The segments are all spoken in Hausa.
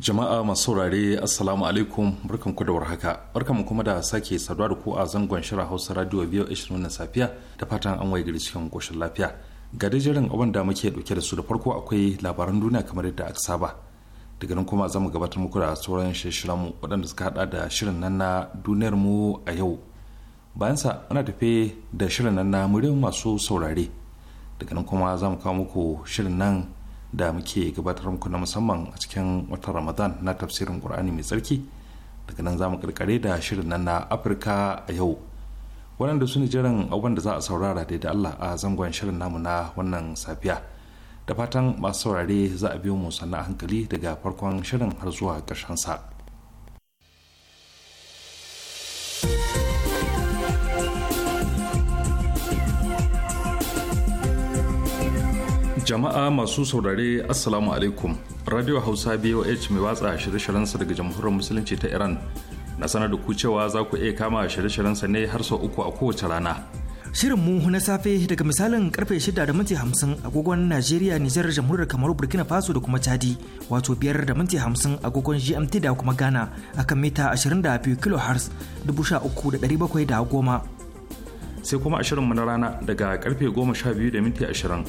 Jama'a masu saurare Assalamu alaikum barkan ku da warhaka. mu kuma da sake saduwa da ku a zangon shirin Hausa Radio biyo 20 na safiya da fatan an waye gari cikin koshin lafiya. Ga jiran abin da muke dauke da su da farko akwai labaran duniya kamar yadda aka saba. Daga nan kuma zamu gabatar muku da sauran shirin mu waɗanda suka hada da shirin nan na duniyar mu a yau. Bayan sa muna tafe da shirin nan na muryar masu saurare. Daga nan kuma zamu kawo muku shirin nan da muke gabatar muku na musamman a cikin watan ramadan na tafsirin qur'ani mai tsarki daga nan za mu karkare da shirin nan na afirka a yau waɗanda su ne jiran abubuwan da za a saurara da da allah a zangon shirin namu na wannan safiya da fatan masu saurare za a biyo mu sannan hankali daga farkon shirin har zuwa ƙarshen sa. jama'a masu saurare assalamu alaikum radio hausa boh mai watsa shirye-shiryensa daga jamhuriyar musulunci ta iran na sanar da ku cewa za ku iya kama shirye sa ne har sau uku a kowace rana shirin mu na safe daga misalin karfe 6 da minti 50 agogon najeriya nijar jamhuriyar kamar burkina faso da kuma chadi wato biyar da minti 50 agogon gmt da kuma ghana akan mita 22 kilohertz 13710 sai kuma shirin mu na rana daga karfe goma 12 da minti ashirin.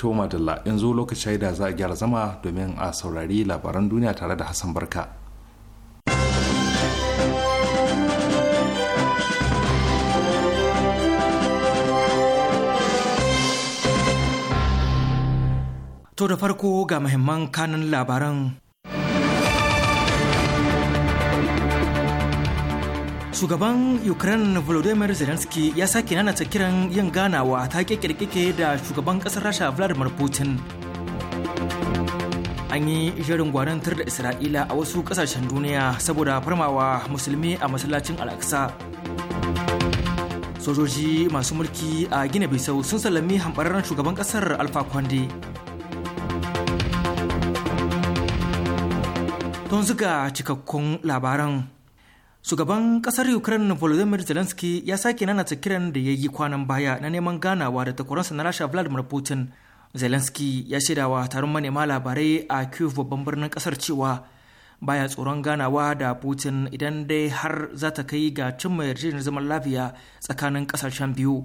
to in zo lokacin da za a gyara zama domin a saurari labaran duniya tare da hassan barka to da farko ga muhimman kanun labaran shugaban ukraine volodymyr zelensky ya sake nanata kiran yin ganawa ta kirkike da shugaban kasar rasha vladimir putin an yi jerin gwarantar da isra'ila a wasu kasashen duniya saboda farmawa musulmi a masallacin al'aqsa sojoji masu mulki a gina bisau sun sallami hambararren shugaban kasar alfa kwande don zuga cikakkun labaran Shugaban kasar Ukraine Volodymyr Zelensky ya sake nanata kiran da ya yi kwanan baya na neman ganawa da takwaransa na Rasha Vladimir Putin. Zelensky ya shaidawa taron manema labarai a Kyiv babban birnin kasar cewa baya tsoron ganawa da Putin idan dai har za ta kai ga cimma yarjejeniyar zaman lafiya tsakanin kasashen biyu.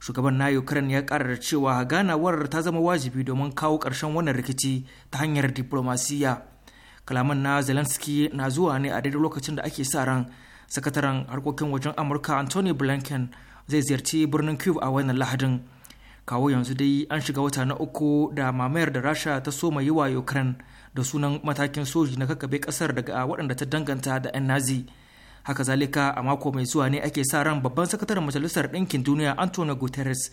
Shugaban na Ukraine ya karar cewa ganawar ta zama wajibi domin kawo ƙarshen wannan rikici ta hanyar diplomasiya. kalaman na zelensky na zuwa ne a daidai lokacin da ake sa ran sakataren harkokin wajen amurka anthony blinken zai ziyarci birnin kyiv a wannan lahadin kawo yanzu dai an shiga wata na uku da mamayar da rasha ta soma yi wa ukraine da sunan matakin soji na kakabe kasar daga waɗanda ta danganta da 'yan nazi haka zalika a mako mai zuwa ne ake sa ran babban sakataren majalisar ɗinkin duniya antonio guterres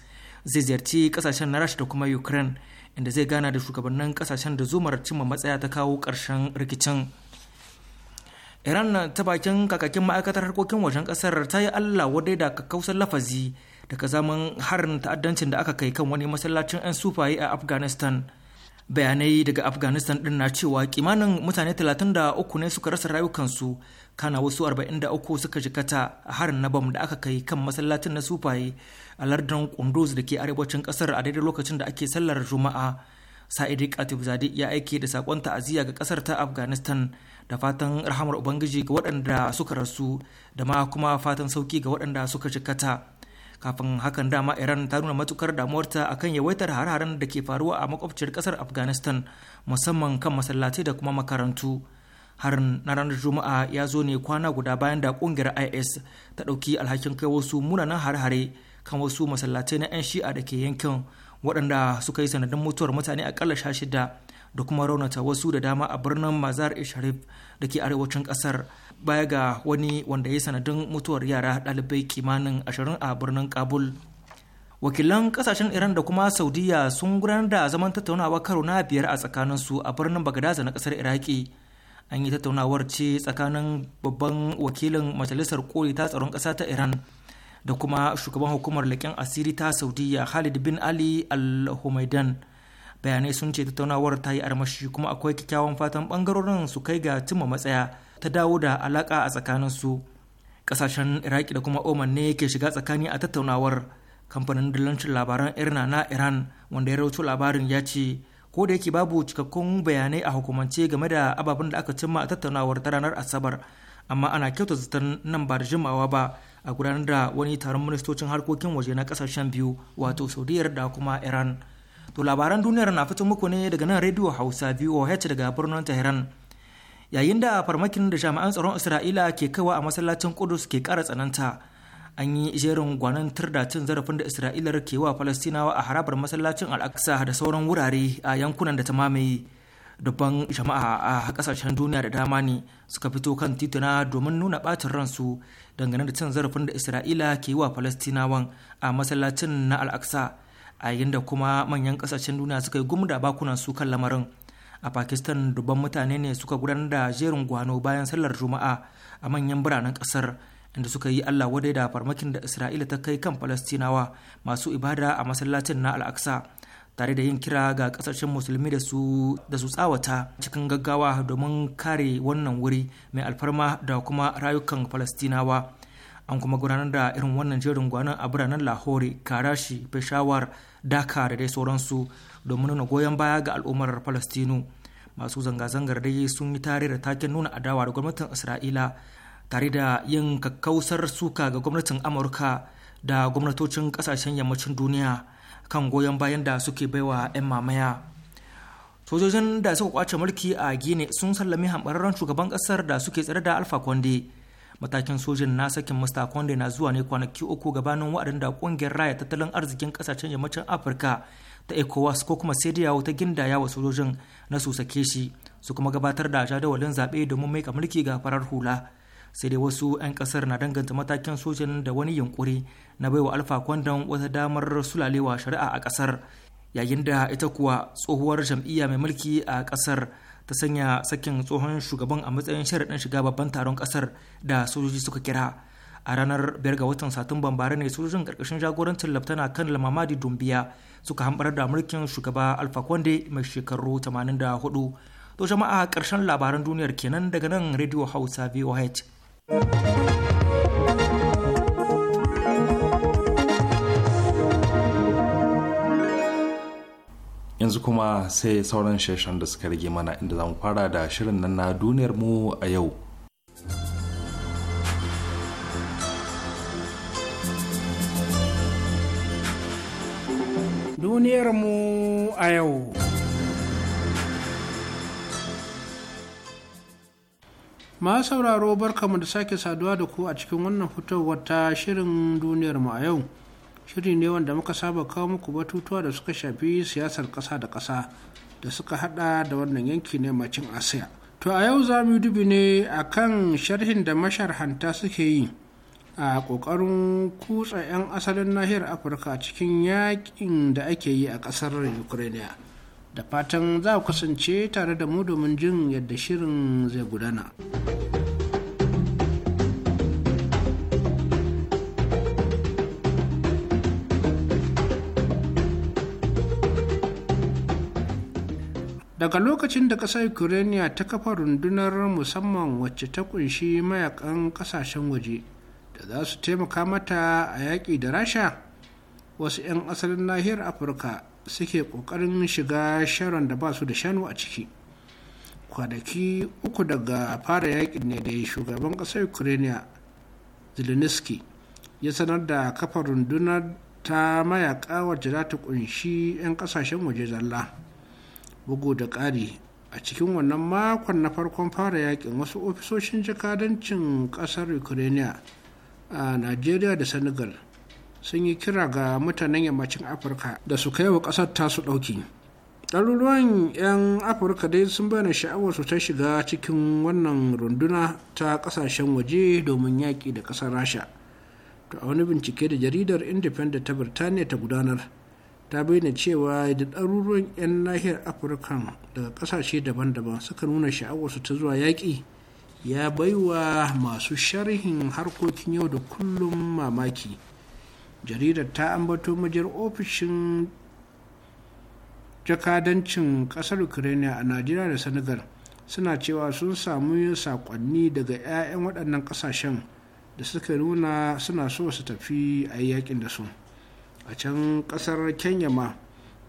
zai ziyarci kasashen na rasha da kuma ukraine inda zai gana da shugabannin kasashen da zumar cimma matsaya ta kawo ƙarshen rikicin iran ta bakin kakakin ma'aikatar harkokin wajen ƙasar ta yi allah wadai da kakkausar lafazi daga zaman harin ta'addancin da aka kai kan wani masallacin 'yan sufaye a afghanistan bayanai daga afghanistan din na cewa kimanin mutane 33 ne suka rasa rayukansu kana wasu 43 suka jikata a harin na bam da aka kai kan masallacin na sufaye a lardin kunduz da ke arewacin kasar a daidai lokacin da ake sallar juma'a sa'idi katib zadi ya aike da sakon ta'aziyya ga kasar ta afghanistan da fatan rahamar ubangiji ga waɗanda suka rasu da ma kuma fatan sauki ga waɗanda suka jikata kafin hakan dama iran ta nuna matukar damuwarta akan yawaitar hare-haren da ke faruwa a makwabciyar kasar afghanistan musamman kan masallatai da kuma makarantu harin na ranar juma'a ya zo ne kwana guda bayan da kungiyar is ta ɗauki alhakin kai wasu munanan hare-hare kan wasu masallatai na 'yan shi'a da ke yankin waɗanda suka yi sanadin mutuwar mutane akalla sha shida da kuma raunata wasu da dama a birnin mazar sharif da ke arewacin ƙasar baya ga wani wanda ya sanadin mutuwar yara ɗalibai kimanin ashirin a birnin kabul wakilan kasashen iran da kuma saudiya sun gudanar da zaman tattaunawa karo na biyar a tsakanin su a birnin bagadaza na kasar iraki an yi tattaunawar ce tsakanin babban wakilin majalisar koli ta tsaron ƙasa ta iran da kuma shugaban hukumar leƙen asiri ta saudiya khalid bin ali al-humaidan bayanai sun ce tattaunawar ta yi armashi kuma akwai kyakkyawan fatan bangarorin su kai ga cimma matsaya ta dawo da alaka a tsakanin su kasashen iraki da kuma oman ne ke shiga tsakani a tattaunawar kamfanin dalancin labaran irna na iran wanda ya rawaito labarin ya ce ko da yake babu cikakkun bayanai a hukumance game da ababen da aka cimma a tattaunawar ta ranar asabar amma ana kyauta zaton nan ba da jimawa ba a gudanar da wani taron ministocin harkokin waje na kasashen biyu wato saudiyar da kuma iran to labaran duniyar na fito muku ne daga nan rediyo hausa voh daga birnin tehran yayin da farmakin da jami'an tsaron isra'ila ke kaiwa a masallacin kudus ke kara tsananta an yi jerin gwanon da cin zarafin da isra'ila ke wa falastinawa a harabar masallacin al'aqsa da sauran wurare a yankunan da ta mamaye dubban jama'a a kasashen duniya da dama ne suka fito kan tituna domin nuna bacin ransu dangane da cin zarafin da isra'ila ke yi wa falastinawan a masallacin na al'aqsa a yayin da kuma manyan kasashen duniya suka yi gumda bakunan su kan lamarin a pakistan dubban mutane ne suka gudanar da jerin gwano bayan sallar juma'a a manyan biranen kasar inda suka yi allah wadai da farmakin da isra'ila ta kai kan falastinawa masu ibada a masallacin na al'aksa tare da yin kira ga kasashen musulmi da su tsawata cikin gaggawa domin kare wannan wuri mai alfarma da kuma rayukan falastinawa an kuma gudanar da irin wannan jerin gwanon a biranen lahore karashi peshawar daka da dai sauransu domin nuna goyon baya ga al'ummar falastinu masu zanga-zangar dai sun yi tare da taken nuna adawa da gwamnatin isra'ila tare da yin kakkausar suka ga gwamnatin amurka da gwamnatocin kasashen yammacin duniya kan goyon bayan da suke baiwa 'yan mamaya sojojin da suka kwace mulki a gine sun sallami hambararren shugaban kasar da suke tsare da alfa konde matakin sojin na sakin mista konde na zuwa ne kwanaki uku gabanin wa'adin da kungiyar raya tattalin arzikin kasashen yammacin afirka ta ecowas ko kuma sai wata ta gindaya wa sojojin na su sake shi su kuma gabatar da jadawalin zaɓe domin maika mulki ga farar hula sai dai wasu 'yan kasar na danganta matakin sojin da wani yunkuri na baiwa alfa kwandon wata damar sulalewa shari'a a kasar yayin da ita kuwa tsohuwar jam'iyya mai mulki a kasar ta sanya sakin tsohon shugaban a matsayin sharaɗin shiga babban taron kasar da sojoji suka kira a ranar 5 ga watan satumban bara ne sojojin karkashin jagorancin laftana kan lamamadi dumbiya suka hambar da mulkin shugaba Alpha Conde mai shekaru 84 to jama'a ƙarshen labaran duniyar kenan daga nan radio hausa voh yanzu kuma sai sauran sheshen da suka rage mana inda zamu fara da shirin nan na duniyar mu a yau duniyarmu a yau. Ma sauraro barkamu da sake saduwa da ku a cikin wannan fitowar ta shirin duniyarmu a yau. Shiri ne wanda muka saba kawo muku batutuwa da suka shafi siyasar ƙasa da ƙasa da suka hada da wannan yanki ne macin Asiya. To a yau za mu yi dubi ne akan sharhin da masharhanta suke yi. a ƙoƙarin kutsa 'yan asalin nahiyar afirka cikin yakin da ake yi a ƙasar ukraine da fatan za ku kasance tare da mu domin jin yadda shirin zai gudana. daga lokacin da ƙasar ukraine ta kafa rundunar musamman wacce ta kunshi mayakan ƙasashen waje da za su taimaka mata a yaƙi da rasha wasu 'yan asalin nahiyar afirka suke ƙoƙarin shiga sharon da ba su da shanu a ciki kwanaki uku daga fara yaƙin ne da shugaban ƙasar ukraine zelensky ya sanar da kafa rundunar ta mayaka wacce za ta ƙunshi 'yan ƙasashen waje zalla bugu da ƙari a cikin wannan makon na farkon fara yaƙin, wasu ofisoshin jakadancin ƙasar ukraine a najeriya da senegal sun yi kira ga mutanen yammacin afirka da su kai wa ƙasar tasu ɗauki ɗaruruwan 'yan afirka dai sun bayyana sha'awar su ta shiga cikin wannan runduna ta ƙasashen waje domin yaƙi da ƙasar rasha to a wani bincike da jaridar independent ta birtaniya ta gudanar ta bayyana cewa da ɗaruruwan 'yan nahiyar afirka daga ƙasashe daban-daban suka nuna sha'awarsu ta zuwa yaƙi ya baiwa masu sharhin harkokin yau da kullum mamaki jaridar ta ambato majar ofishin jakadancin kasar ukraine a najeriya da senegal suna cewa sun samu sakonni daga 'ya'yan waɗannan ƙasashen da suka nuna suna so su tafi a yakin da su a can ƙasar kenya ma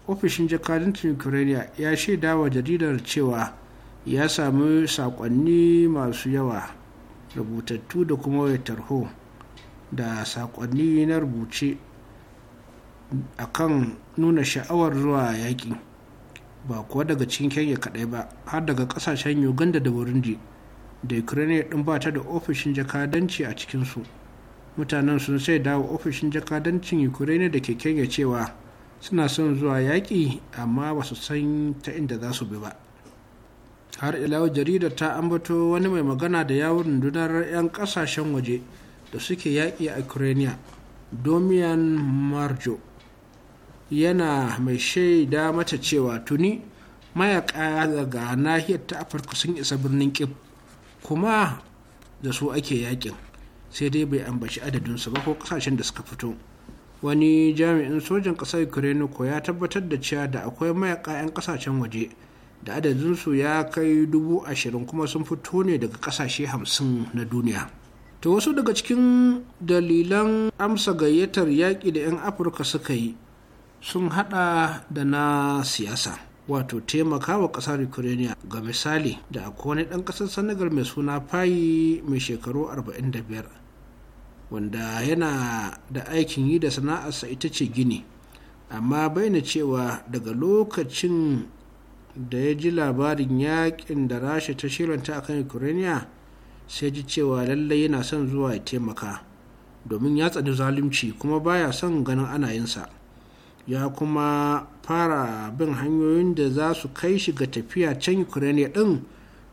ofishin jakadancin ukraine ya shaidawa jaridar cewa ya sami saƙonni masu yawa rubutattu da kuma wai tarho da saƙonni na rubuce a kan nuna sha'awar zuwa yaƙi ba kuwa daga cikin kenya kaɗai ba har daga ƙasashen uganda da burundi da ukraine ɗin bata da ofishin jakadanci a cikinsu mutanen sun sai dawo ofishin jakadancin ukraine da ke kenya cewa suna son zuwa yaƙi amma ba su san ta inda za su bi ba har ila jaridar ta ambato wani mai magana da yawon rundunar 'yan kasashen waje da suke yaƙi a ukraine domian marjo yana mai shaida mata cewa tuni mayaƙa daga nahiyar ta afirka sun isa birnin kif kuma da su ake yakin sai dai bai ambaci adadinsu ba ko kasashen da suka fito wani jami'in sojan ƙasar ukraine ko ya tabbatar da cewa da akwai mayaƙa 'yan kasashen waje da adadinsu ya kai dubu ashirin kuma sun fito ne daga kasashe hamsin na duniya to wasu daga cikin dalilan amsa gayyatar yaƙi da 'yan afirka suka yi sun hada da na siyasa wato taimakawa ƙasar ukraine ga misali da akwai wani ɗan ƙasar senegal mai suna fayi mai shekaru 45 wanda yana da aikin yi da sana'arsa ita ce gini amma bayyana cewa daga lokacin da ya ji labarin yakin da rasha ta shiranta kan ukraine sai ji cewa lallai yana son zuwa ya taimaka domin ya tsani zalunci kuma baya son ganin ana yinsa ya kuma fara bin hanyoyin da za su kai shi ga tafiya can ukraine din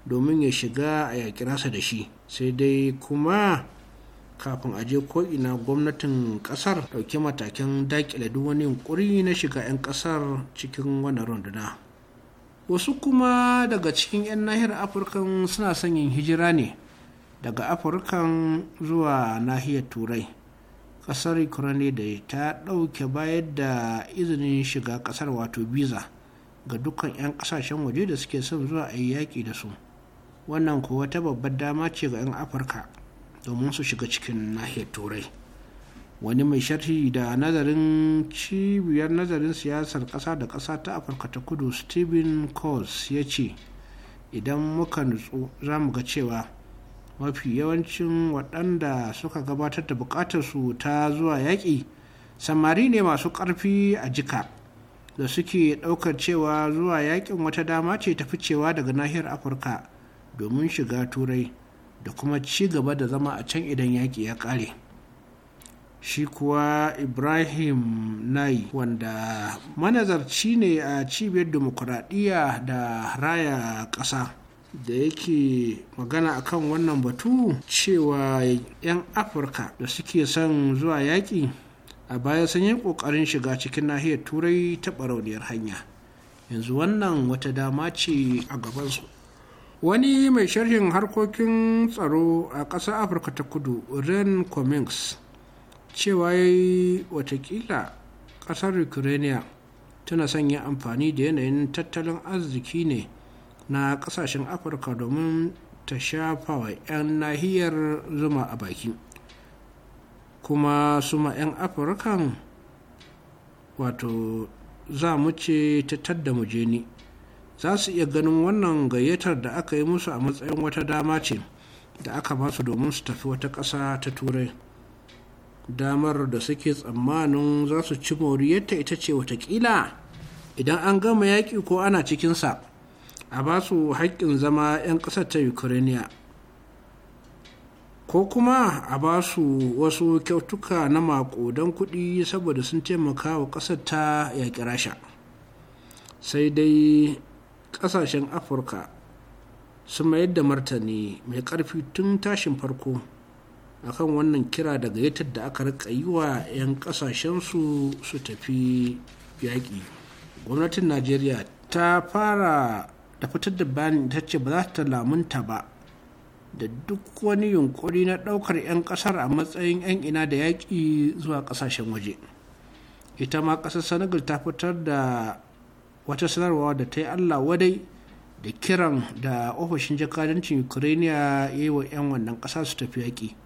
domin ya shiga a yaƙi nasa da shi sai dai kuma kafin a je ko'ina gwamnatin kasar dauke matakin dakile duk wani yunkuri na shiga 'yan kasar cikin wannan runduna wasu kuma daga cikin 'yan nahiyar afirkan suna son yin hijira ne daga afirkan zuwa nahiyar turai kasar ukraine da ta ɗauke bayar da izinin shiga kasar wato visa ga dukkan 'yan kasashen waje da suke son zuwa a yaƙi da su wannan kuwa ta babbar dama ce ga 'yan afirka domin su shiga cikin nahiyar turai wani mai sharhi da nazarin cibiyar nazarin siyasar ƙasa da ƙasa ta afirka ta kudu stephen coles ya ce idan muka nutsu za mu ga cewa mafi yawancin waɗanda suka gabatar da buƙatarsu ta zuwa yaƙi samari ne masu ƙarfi a jika da suke ɗaukar cewa zuwa yaƙin wata dama ce ta ficewa daga nahiyar afirka domin shiga turai da kuma ci gaba da zama a can idan yaƙi ya ƙare. shi kuwa ibrahim nai wanda manazarci ne a cibiyar demokuraɗiyya da raya ƙasa da yake magana akan wannan batu cewa 'yan afirka da suke son zuwa yaƙi a baya sun yi ƙoƙarin shiga cikin nahiyar turai ta barauniyar hanya yanzu wannan wata dama ce a gabansu wani mai sharhin harkokin tsaro a ƙasar afirka ta kudu ren cummings cewa ya yi watakila ƙasar ukraine tana sanya amfani da yanayin tattalin arziki ne na ƙasashen afirka domin ta shafa wa 'yan nahiyar zuma a baki kuma suma 'yan afirkan wato za mu ce ta tadda mu mujeni za su iya ganin wannan gayyatar da aka yi musu a matsayin wata dama ce da aka ba su domin su tafi wata ƙasa ta turai damar da suke tsammanin za su ci moriyarta ita ce watakila idan an gama yaƙi ko ana cikinsa a ba su haƙƙin zama 'yan ƙasar ta ukraine ko kuma a ba su wasu kyautuka na maƙudan kuɗi saboda sun taimaka wa ƙasar ta yaƙi rasha sai dai ƙasashen afirka sun mayar da martani mai ƙarfi tun tashin farko akan wannan kira daga yatar da aka rika yi wa 'yan kasashensu su tafi yaƙi gwamnatin najeriya ta fara da fitar da bayanin ta ce ba za ta lamunta ba da duk wani yunkuri na ɗaukar 'yan ƙasar a matsayin 'yan ina da yaƙi zuwa ƙasashen waje ita ma ƙasar senegal ta fitar da wata sanarwa da ta yi allah wadai da kiran da ofishin jakadancin ukraine ya yi wa 'yan wannan ƙasa su tafi yaƙi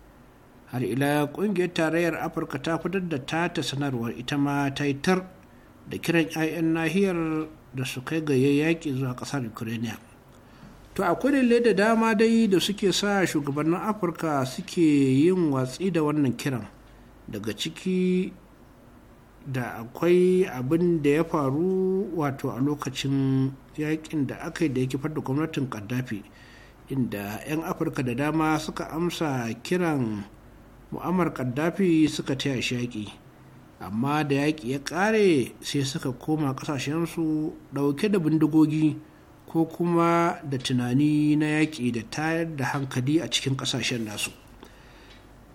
har ila kungiyar tarayyar afirka ta fitar da tata sanarwar ita ma ta yi tar da kiran 'ya'yan nahiyar da su kai ga yaƙi zuwa ƙasar ukraine to akwai dalilai da dama dai da suke sa shugabannin afirka suke yin watsi da wannan kiran daga ciki da akwai abin da ya faru wato a lokacin yakin da aka yi da ya kifar da gwamnatin kaddafi inda 'yan afirka da dama suka amsa kiran mu'ammar kaddafi suka taya shi yaƙi amma da yaƙi ya ƙare sai suka koma ƙasashensu ɗauke da bindigogi ko kuma da tunani na yaƙi da tayar da hankali a cikin ƙasashen nasu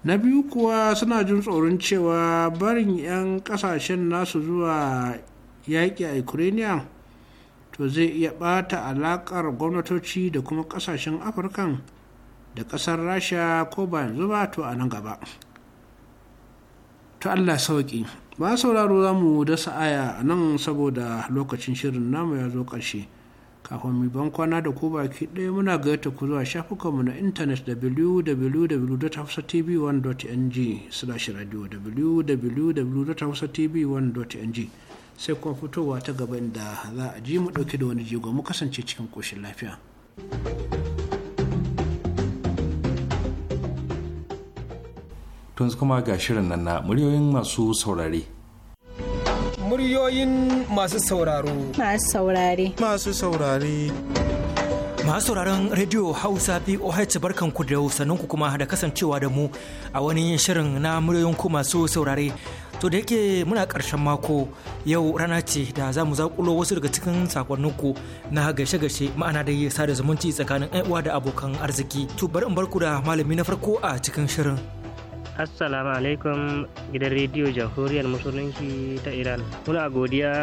na biyu kuwa suna jin tsoron cewa barin 'yan ƙasashen nasu zuwa yaƙi a ukraine to zai iya ɓata alaƙar gwamnatoci da kuma ƙasashen afirkan da ƙasar rasha ko ba yanzu ba to a nan gaba to allah sauki ba sauraro za mu da sa'aya a nan saboda lokacin shirin namu ya zo ƙarshe kafin mu ban kwana da ku baki ɗaya muna gayyata ku zuwa shafukanmu na intanet www.hausatv1.ng slash radio www.hausatv1.ng sai kuma fitowa ta gaba inda za a ji mu ɗauki da wani jigo mu kasance cikin ƙoshin lafiya. thank you tun kuma ga shirin nan na muryoyin masu saurare muryoyin masu sauraro masu saurare masu saurare masu sauraron rediyo hausa barkan barkanku da ku kuma da kasancewa da mu a wani shirin na muryoyin ku masu saurare to da yake muna ƙarshen mako yau rana ce da za mu zaƙulo wasu daga cikin sakonninku na gaishe-gaishe ma'ana da yi sada zumunci tsakanin uwa da abokan arziki to bari in barku da malami na farko a cikin shirin assalamu alaikum gidan rediyo jamhuriyar musulunci ta iran muna godiya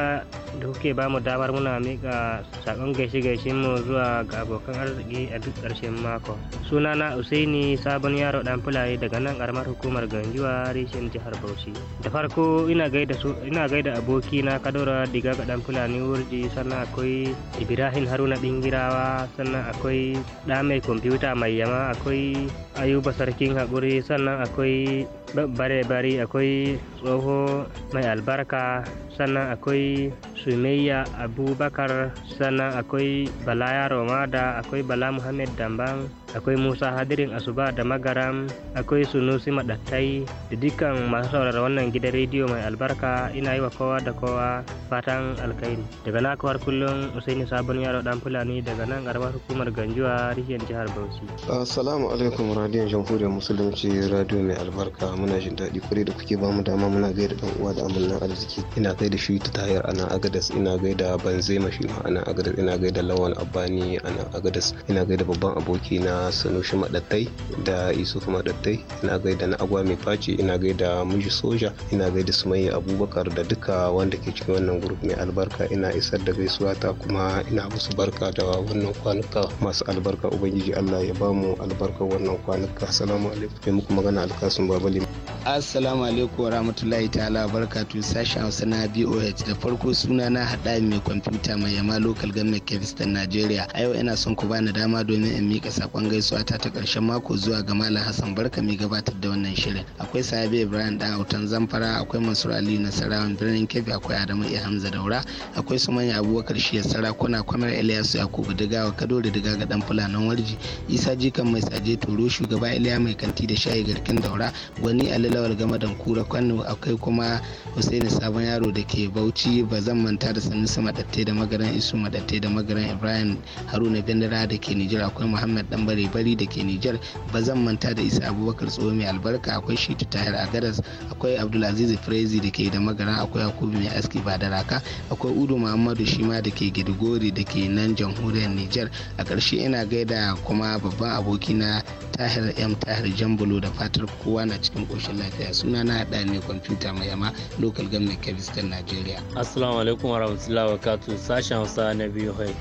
da kuke ba mu damar muna miƙa sakon gaishe-gaishen mu zuwa ga abokan arziki a duk ƙarshen mako sunana usaini sabon yaro dan fulani daga nan karamar hukumar ganjuwa reshen jihar bauchi da farko ina gaida su ina gaida aboki na kadora diga ga dan fulani wurji sannan akwai ibrahim haruna dingirawa sannan akwai da mai kwamfuta mai yama akwai ayuba sarkin haƙuri sannan akwai bare-bare akwai tsoho mai albarka sannan akwai sumayya abubakar sannan akwai bala yaro mada akwai bala muhammad damban akwai musa hadirin asuba da magaram akwai sunusi madattai da dukkan masu saurara wannan gidan rediyo mai albarka ina yi wa kowa da kowa fatan alkhairi daga na kullum usaini sabon yaro dan fulani daga nan garba hukumar ganjuwa rikiyar jihar bauchi assalamu alaikum radiyon jamhuriyar musulunci radiyo mai albarka muna jin daɗi kwarai da kuke bamu dama muna gaida dan uwa da amannan arziki ina gaida shi ta tayar ana agadas ina gaida banzema shi ma ana agadas ina gaida lawan abani ana agadas ina gaida babban aboki na na maɗattai madattai da isufu madattai ina gaida na agwa mai faci ina gaida miji soja ina gaida sumayya abubakar da duka wanda ke cikin wannan grup mai albarka ina isar da gaisuwa ta kuma ina musu barka da wannan kwanuka masu albarka ubangiji allah ya ba mu albarkar wannan kwanuka assalamu alaikum ya muku magana alkasun babali assalamu alaikum rahmatullahi ta'ala barkatu sashen hausa na boh da farko suna na haɗa mai kwamfuta mai yama local government kebistan nigeria a yau ina son ku bani dama domin in mika sakon gaisuwa ta ta ƙarshen mako zuwa ga Malam Hassan Barka mai gabatar da wannan shirin. Akwai Sahabi Ibrahim da Autan Zamfara, akwai Mansur Ali Nasarawan birnin Kebbi, akwai Adamu Iya Hamza Daura, akwai su manya Abubakar ya Sarakuna, Kwamar Ilyasu Yakubu kado da Diga ga Dan Fulanan Warji, Isa Jikan Mai Saje Toro, Shugaba Iliya Mai Kanti da Shayi Garkin Daura, Gwani Ali Lawal da Kura Kwano, akwai kuma Hussaini Sabon Yaro da ke Bauchi, ba zan manta da sanin su Madatte da Magaran Isu Madatte da Magaran Ibrahim Haruna Bindira da ke Nijar, akwai Muhammad bari bare bari da ke Nijar ba zan manta da Isa Abubakar tsoho mai albarka akwai Shitu Tahir a garas akwai Abdulaziz Frezi da ke da magana akwai Akubi mai aski ba da raka akwai Udu Muhammadu shima da ke Gidigori da ke nan jamhuriyar Nijar a karshe ina gaida kuma babban abokina Tahir M Tahir Jambulo da fatar kowa na cikin koshin lafiya suna na haɗa ne kwamfuta mai yama local government Kebbi Najeriya. Assalamu alaikum warahmatullahi wabarakatuh sashen Hausa na biyu hai.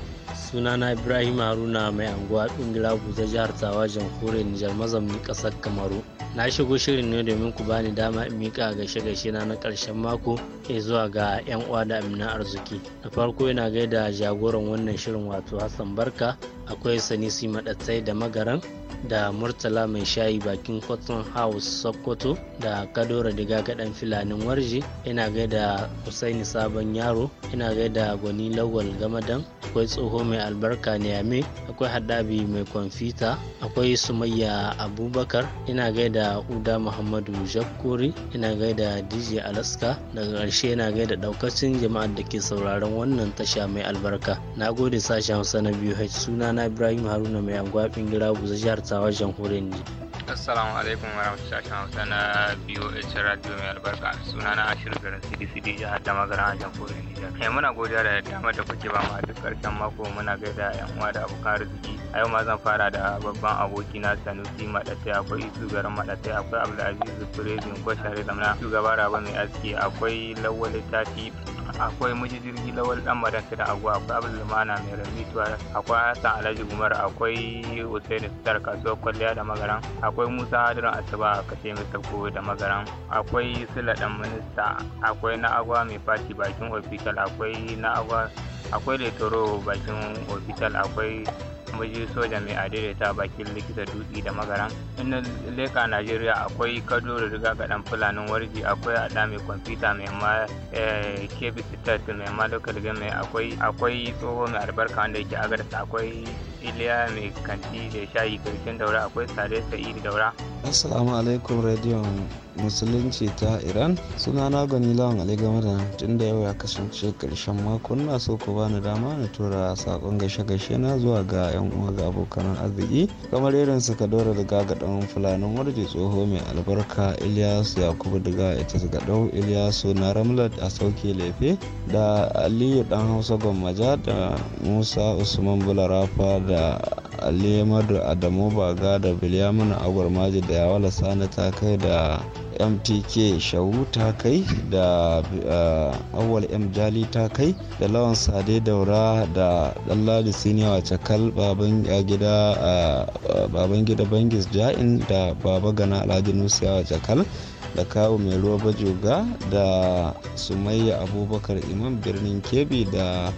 sunana ibrahim haruna mai anguwa bingila guza jihar tawa jamhuri nijar mazan kasar kamaru na shigo shirin ne domin ku bani dama in mika gaishe gaishe na na karshen mako ke zuwa ga yan uwa da amina arziki na farko yana gaida jagoran wannan shirin wato hassan barka akwai sanisi maɗatai da magaran da murtala mai shayi bakin cotton house sokoto da kadora diga gadan filanin warje ina gaida husaini sabon yaro ina gaida gwani lawal gamadan akwai tsoho mai albarka niyame akwai hadabi mai kwamfita akwai sumayya abubakar ina gaida uda muhammadu jakkori ina gaida dj alaska daga ƙarshe ina gaida daukacin jama'ar da ke sauraron wannan tasha mai albarka na gode sashen hausa na biyu h suna sunana ibrahim haruna mai anguwa bingira buza jihar tsawa jamhuriyar ne assalamu alaikum wa rahmatullahi hausa na boh radio mai albarka sunana na ashirin garin cdcd jihar da magana a jamhuriyar nijar kai eh, muna godiya da dama da kuke ba ma duk karshen mako muna gaida yan uwa da abokan arziki a yau ma zan fara da babban aboki na sanusi madatai akwai isu garin madatai akwai abdulaziz firezin ko share zamna shugaba raba mai aski akwai lawal tafi akwai miji jirgi lawal dan madanka da agwa akwai abin lumana mai rami akwai hassan alhaji gumar akwai hussein sitar kasuwar kwalliya da magaran akwai musa hadirin asuba kashe mai sabko da magaran akwai sila dan minista akwai na agwa mai fati bakin ofishal akwai na agwa akwai letoro bakin ofishal akwai ji soja mai adaidaita bakin likita dutse da magaran inda leka najeriya akwai kado da riga gadan fulanin warji akwai ada mai kwamfuta mai ma eh, kebis sitat mai ma local game akwai akwai tsoho mai albarka wanda yake agarsa akwai iliya mai kanti da shayi karshen daura akwai sare sa'idi daura assalamu alaikum radiyon musulunci ta iran suna na gani lawan ali game da tun da yau ya kasance karshen mako na so ku bani dama na tura sakon gaishe gaishe na zuwa ga yan uwa ga abokan arziki kamar irin su kadora daga gadon fulanin warje tsoho mai albarka ilyasu yakubu daga ita gadau ilyasu na ramlat a sauke lefe da aliyu dan hausa gwammaja da musa usman bularafa da alimadu adamu baga da bilyamina agwar maji da yawala sani ta kai da mtk shawu ta kai da uh, awal m jali ta kai da lawan sade daura da dallali siniya cakal baban uh, gida uh, baban gida bangis ja'in da baba gana alhaji nusiya cakal da kawo mai ruwa bajoga da sumayya abubakar imam birnin kebi da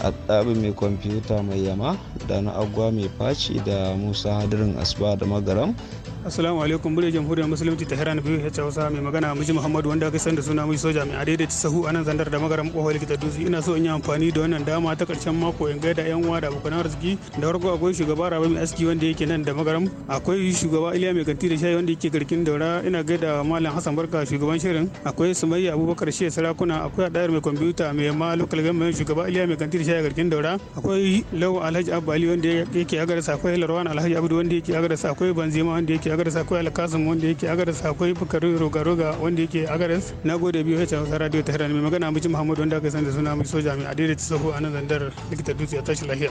atsabi mai kwamfuta mai yama da na agwa mai faci da musa hadirin asuba da magaram Assalamu alaikum bude jamhuriyar musulunci ta Hiran biyu ya Hausa mai magana miji Muhammadu wanda aka san da suna mai soja mai adai da sahu anan zandar da magaram kohol likita dutse ina so in yi amfani da wannan dama ta karshen mako in gaida yan uwa da abokan arziki da farko akwai shugaba Rabi mai aski wanda yake nan da magaram akwai shugaba Iliya mai kanti da shayi wanda yake garkin daura ina gaida malam Hassan Barka shugaban shirin akwai Sumayya Abubakar Shehu Sarakuna akwai Adayar mai kwamfuta mai ma local government shugaba Iliya mai kanti da shayi garkin daura akwai Lawa Alhaji Abba Ali wanda yake agarsa akwai Larwan Alhaji Abdu wanda yake agarsa akwai Banzima wanda yake yake agaras akwai alkasim wanda yake agaras akwai bukari roga-roga wanda yake agaras na gode biyu hecha wasa radio ta mai magana miji muhammadu wanda aka san da suna mai soja mai adai da tsoho a nan zandar likita dutse a tashi lahiya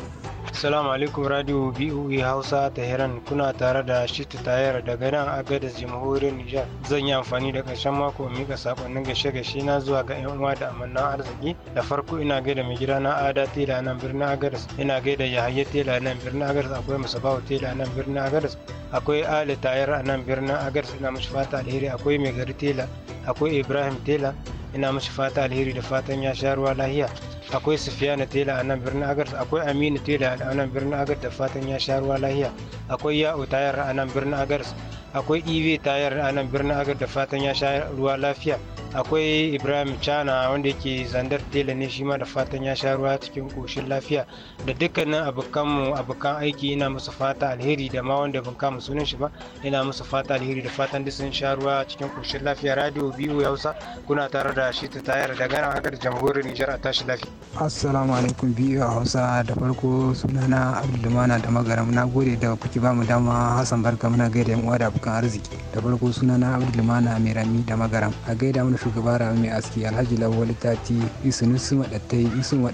Assalamu alaikum Radio voa Hausa Tehran kuna tare da Shitu Tayar daga nan Agadez Jamhuriyar Nijar. Zan yi amfani da karshen mako mai mika sakonnin gashe-gashe na zuwa ga yan uwa da amannan arziki. Da farko ina gaida mai gida na Ada Tela nan birnin Agadez, ina gaida Yahaya Tela nan birnin Agadez, akwai musabawa Tela nan birnin Agadez, akwai alita tayar a nan birnin agadis ina mashi fata alheri akwai mai gari tela akwai ibrahim tela ina mashi fata alheri da fatan ya sha ruwa lahiya akwai sufiyana tela a nan birnin agar akwai aminu tela a nan birnin agar da fatan ya sha ruwa lahiya akwai ya'u tayar a nan birnin agar akwai ive tayar a nan birnin agar da fatan ya sha ruwa lafiya akwai ibrahim chana wanda yake zandar tela ne shi ma da fatan ya sha ruwa cikin koshin lafiya da dukkanin abokanmu abokan aiki ina musu fata alheri da ma wanda ban kama sunan shi ba ina musu fata alheri da fatan duk sun sha ruwa cikin koshin lafiya radio biyu hausa kuna tare da shi ta tayar da gana haka da jamhuriyar nijar a tashi lafiya assalamu alaikum biyu hausa da farko sunana abdulmana da magaram na gode da kuke ba mu dama hassan barka muna gaida yan uwa da abokan arziki da farko sunana abdulmana mai rami da magaram a gaida mu shugaba rami mai aski alhaji lawal tati isunusu wadatai isu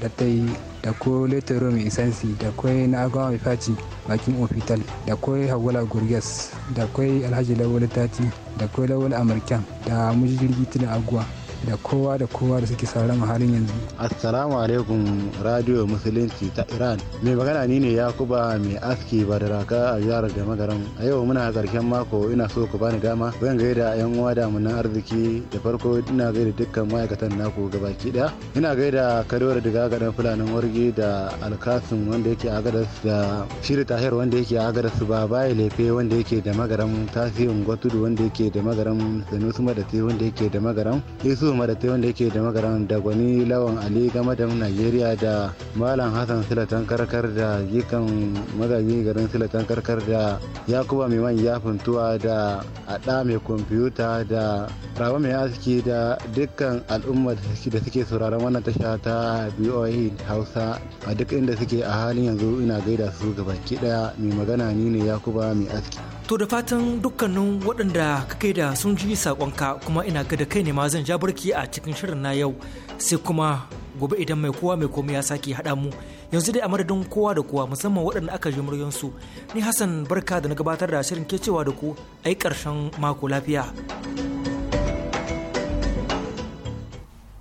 da ko letero mai isansi da kwai na agwa mai faci bakin ofital da kwai hawala gurgas da kwai alhaji lawal tati da kwai lawal amurkan da mujirgitin aguwa da kowa da kowa da suke sarama halin yanzu. Assalamu alaikum Radio Musulunci ta Iran. Mai magana ni ne Yakuba mai aski ba da raka a jihar da magaran A yau muna karshen mako ina so ku bani dama zan gaida yan uwa da munan arziki da farko ina gaida dukkan ma'aikatan naku gabaki daya. Ina gaida Kadore daga gadan Fulanin Wargi da Alkasim wanda yake a gadas da Shiri Tahir wanda yake a gadas bai Lefe wanda yake da magaran Tasirin Gwatudu wanda yake da magaram Sanusi Madate wanda yake da magaran. Yusuf madatai wanda yake da magaran da gwani lawan ali game da najeriya da malam hassan silatan karkar da jikan magaji garin silatan karkar da yakuba mai man yafintuwa da ada mai kwamfuta da raba mai aski da dukkan al'umma da suke sauraron wannan tasha ta BOE hausa a duk inda suke a halin yanzu ina gaida su baki daya mai magana ni ne yakuba mai aski To da fatan dukkanin waɗanda kai da sun ji saƙonka kuma ina ga da kai ne ma zan ja barki a cikin shirin na yau sai kuma gobe idan mai kowa mai komai ya sake haɗa mu yanzu dai a madadin kowa da kowa musamman waɗanda aka ji muryansu ni Hassan barka da na gabatar da shirin ke cewa da ku a yi ƙarshen mako lafiya.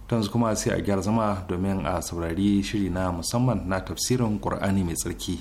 Tanzu kuma sai a gyara zama domin a saurari shiri na musamman na tafsirin ƙur'ani mai tsarki.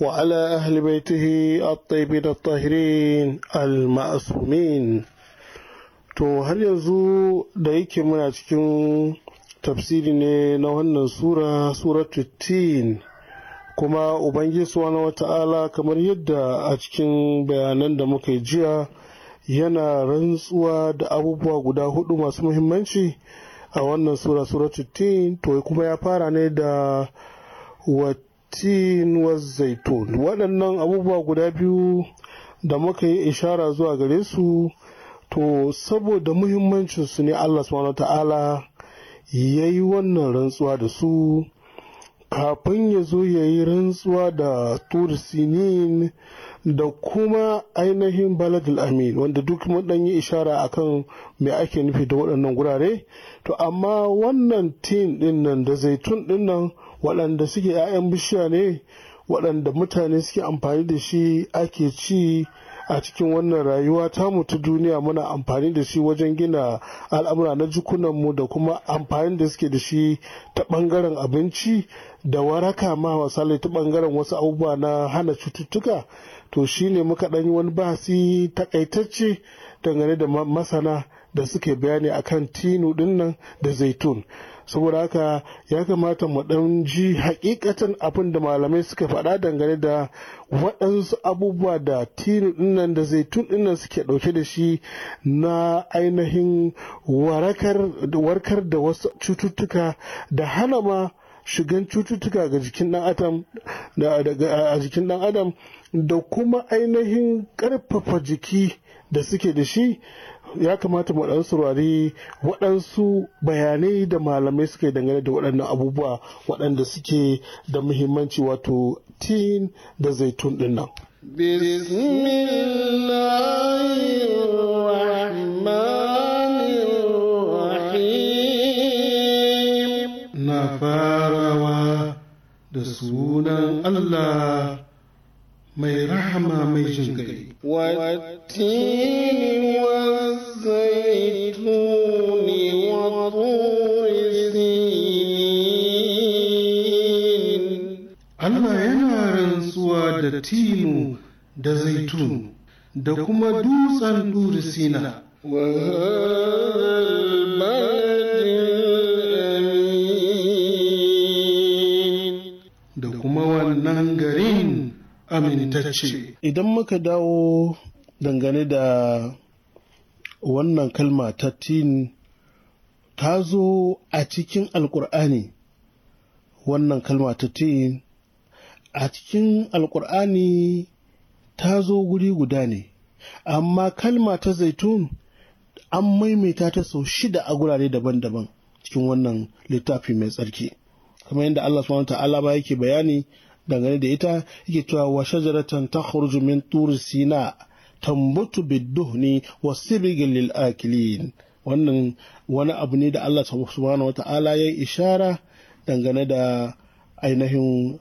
وعلى أهل بيته الطيبين الطاهرين المعصومين to har yanzu da yake muna cikin tafsiri ne na wannan sura sura tin kuma ubangiji subhanahu wata'ala kamar yadda a cikin bayanan da muka yi jiya yana rantsuwa da abubuwa guda hudu masu muhimmanci a wannan sura sura tin to kuma ya fara ne da wat tin was zaitun waɗannan abubuwa guda biyu da muka yi ishara zuwa gare su to saboda muhimmancin su ne Allah subhanahu ta'ala ya yi wannan rantsuwa da su kafin ya zo ya yi rantsuwa da tursinin da kuma ainihin baladul amin wanda duk mun yi ishara akan mai ake nufi da waɗannan gurare to amma wannan tin ɗinnan da zaitun ɗinnan waɗanda suke 'ya'yan bishiya ne waɗanda mutane suke amfani da shi ake ci a cikin wannan rayuwa tamu ta duniya muna amfani da shi wajen gina al'amura na jikunanmu da kuma amfani da suke da shi ta ɓangaren abinci da waraka ma wasale ta ɓangaren wasu abubuwa na hana cututtuka to shi ne muka ɗan yi wani bahasi takaitacce dangane da masana da suke bayani akan tinu dinnan da zaitun saboda haka ya kamata mu ɗan ji hakikatan abin da malamai suka faɗa dangane da waɗansu abubuwa da tinu dinnan da zaitun dinnan suke ɗauke da shi na ainihin warkar da wasu cututtuka da hana ma shigan cututtuka ga jikin ɗan adam a jikin ɗan adam da kuma ainihin ƙarfafa jiki da suke da shi ya kamata mu dan saurari waɗansu bayanai da malamai suka yi dangane da waɗannan abubuwa waɗanda suke da muhimmanci wato tin da zaitun ɗin nan. Na farawa da sunan Allah mai rahama mai jin والتين والزيتون وطور سينين Allah yana rantsuwa da tino da zaitun da kuma dutsen duri sina. amintacce. Idan muka dawo dangane da wannan kalma ta tin ta zo a cikin alkur'ani wannan kalma ta tin a cikin alkur'ani ta zo guri guda ne amma kalma ta zaitun an maimaita ta sau shida a gurare daban-daban cikin wannan littafi mai tsarki kamar yadda Allah subhanahu ta'ala ba yake bayani dangane da ita yake cewa wa shajaratan takhruju min tur sina tambutu bidduhni wa sibigin lil akilin wannan wani abu ne da Allah subhanahu ta'ala ya ishara dangane da ainihin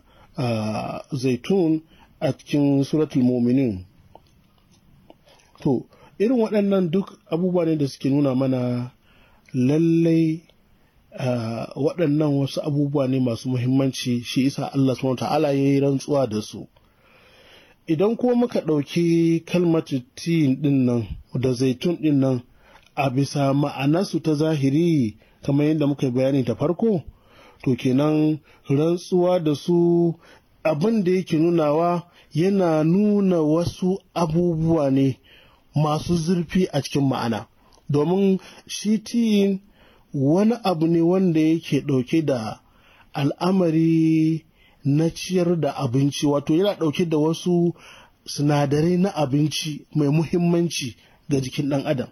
zaitun a cikin suratul muminin to irin waɗannan duk abubuwa ne da suke nuna mana lallai Ah, waɗannan wasu abubuwa ne masu muhimmanci shi isa Allah subhanahu ta'ala ya yi rantsuwa da su idan ko muka ɗauki kalmatu tiyin ɗin nan da zaitun ɗin nan a bisa ma'anarsu ta zahiri kamar yadda muka bayani ta farko to kenan rantsuwa da su abin da yake nunawa yana nuna wasu abubuwa ne masu zurfi a cikin ma'ana domin shi tiyin. wani abu ne wanda yake ɗauke da al'amari na ciyar da abinci wato yana ɗauke da wasu sinadarai na abinci mai muhimmanci ga jikin ɗan adam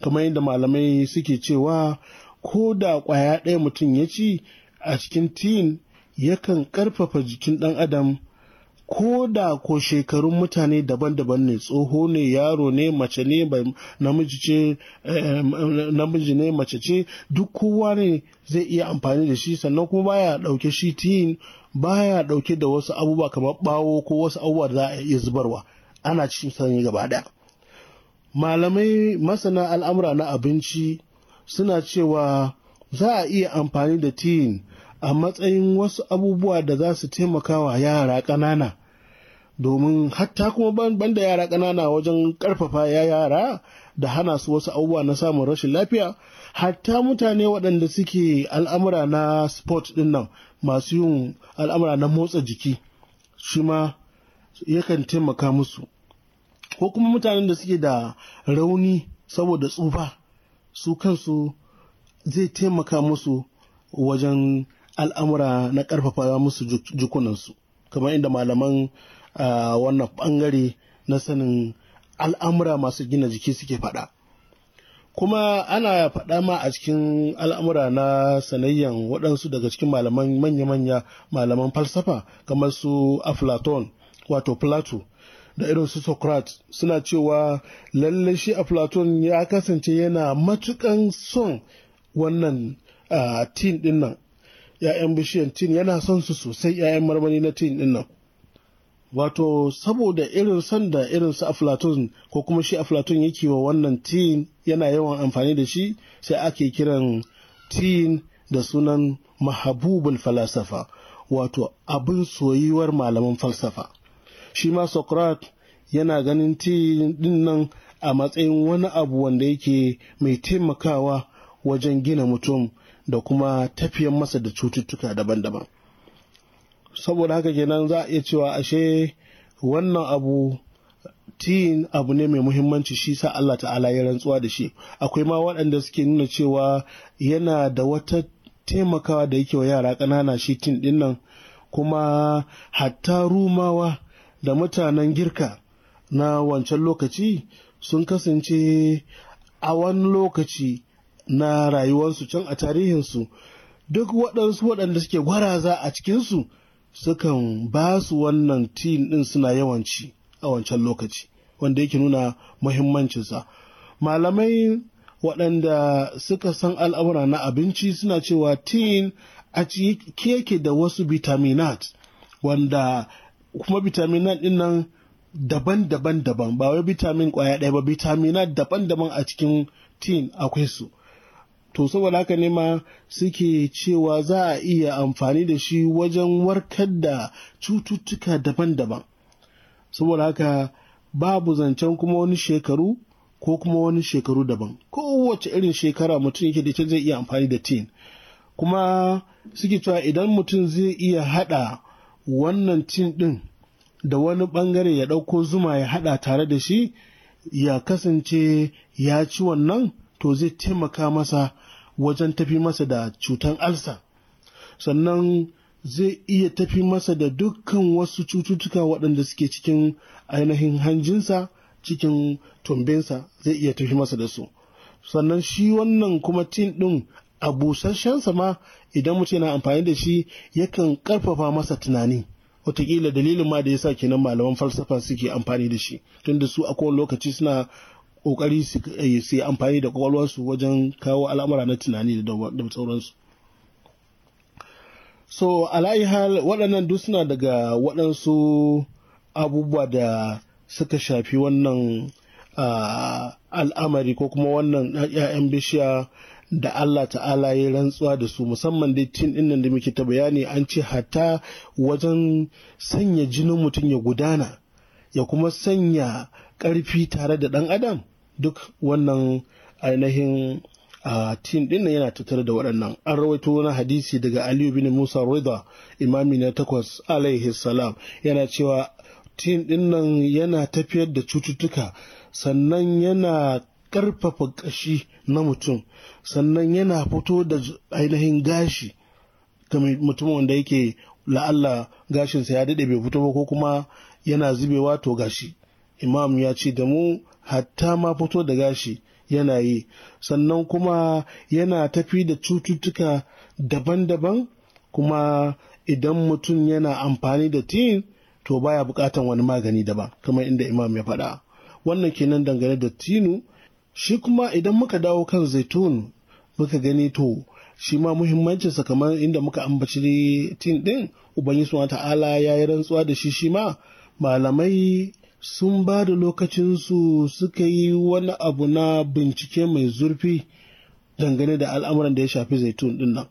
kamar yadda malamai suke cewa ko da ƙwaya ɗaya mutum ya ci a cikin tin yakan ƙarfafa jikin ɗan adam ko da ko shekarun mutane daban-daban ne tsoho ne yaro ne mace ne namiji ne mace ce duk kowa ne zai iya amfani da shi sannan kuma baya dauke shi tin baya dauke da wasu abubuwa kamar bawo ko wasu abubuwa da za a iya zubarwa ana cikin sanyi gaba daya malamai masana al'amura na abinci suna cewa za a iya amfani da tin a matsayin wasu abubuwa da za su taimaka wa yara ƙanana domin hatta kuma ban yara ƙanana wajen ƙarfafa ya yara da hana su wasu abubuwa na samun rashin lafiya hatta mutane waɗanda suke al'amura na sport ɗin nan masu yin al'amura na motsa jiki shi ma yakan taimaka musu ko kuma mutanen da suke da rauni saboda tsufa su kansu zai taimaka musu wajen al'amura na ƙarfafa musu jikunansu kamar inda malaman a wannan bangare na sanin al'amura masu gina jiki suke faɗa kuma ana faɗa ma a cikin al'amura na sanayyan waɗansu daga cikin malaman manya-manya malaman falsafa kamar su aflaton wato plato da irin su socrates suna cewa lalle shi aflaton ya kasance yana matukan son wannan tin ɗin ‘ya'yan bishiyan tin yana son su sosai ‘ya'yan marmari na tin ɗin wato saboda irin sanda da irin su aflatun ko kuma shi aflatun yake wa wannan tin yana yawan amfani da shi sai ake kiran tin da sunan mahabubul falasafa wato abin soyuwar malaman falsafa shi ma sokrat yana ganin tin din nan a matsayin wani abu wanda yake mai taimakawa wajen gina mutum da kuma tafiyan masa da cututtuka daban-daban saboda haka kenan za a iya cewa ashe wannan abu tin abu ne mai muhimmanci shi sa Allah ta'ala ya rantsuwa da shi akwai ma waɗanda suke nuna cewa yana da wata taimakawa da yake wa yara ƙanana shi tin dinnan? kuma hatta rumawa da mutanen girka na wancan lokaci sun kasance a wani lokaci na rayuwarsu can a tarihinsu duk waɗansu waɗanda suke gwaraza a cikinsu sukan ba su wannan tin ɗin suna yawanci a wancan lokaci wanda yake nuna muhimmancinsa malamai waɗanda suka san al'amura na abinci suna cewa tin a keke da wasu vitaminat wanda kuma vitaminat ɗin nan daban-daban daban ba wai bitamin kwaya ɗaya ba vitaminat daban-daban a cikin tin akwai su to saboda haka ne ma suke cewa za a iya amfani da shi wajen warkar da cututtuka daban-daban saboda haka babu zancen kuma wani shekaru ko kuma wani shekaru daban kowace irin shekara mutum yake da ita zai iya amfani da tin kuma suke cewa idan mutum zai iya hada wannan tin din da wani bangare ya ɗauko zuma ya hada tare da shi ya kasance ya ci wannan to zai taimaka masa wajen tafi masa da cutan alsa sannan zai iya tafi masa da dukkan wasu cututtuka waɗanda suke cikin ainihin hanjinsa cikin tumbinsa zai iya tafi masa da su sannan shi wannan kuma tin ɗin a busasshensa ma idan mutum yana amfani da shi yakan ƙarfafa masa tunani wataƙila dalilin ma da ya sa kenan malaman falsafa suke amfani da shi tunda su a kowane lokaci suna kokari eh, su yi amfani da kwakwalwarsu wajen kawo al'amura na tunani da sauransu so alayi hal waɗannan duk suna daga waɗansu abubuwa da suka shafi wannan al'amari ko kuma wannan ‘ya'yan bishiya da Allah ta'ala ya rantsuwa da su musamman da tin nan da muke ta bayani an ce hatta wajen sanya jinin mutum ya gudana ya kuma sanya ƙarfi tare da ɗan adam duk wannan ainihin a tin din yana tattare da waɗannan an rawaito wani hadisi daga aliyu bin musa rida imami na takwas alaihi salam yana cewa tin din nan yana tafiyar da cututtuka sannan yana ƙarfafa ƙashi na mutum sannan yana fito da ainihin gashi ga mutum wanda yake la'alla gashinsa ya daɗe bai fito ba ko kuma yana zubewa to gashi imam ya ce da mu hatta ma fito da gashi yana yi sannan kuma yana tafi da cututtuka daban-daban kuma idan mutum yana amfani da tin to baya bukatan wani magani daban kamar inda imam ya faɗa wannan kenan dangane da tinu shi kuma idan muka dawo kan zaitun muka gani to shi ma muhimmancinsa kamar inda muka ambaci tin din ubangiji ta'ala ya yi rantsuwa da shi shi ma malamai sun ba da lokacinsu suka yi wani abu na bincike mai zurfi dangane da al'amuran da ya shafi zaitun din nan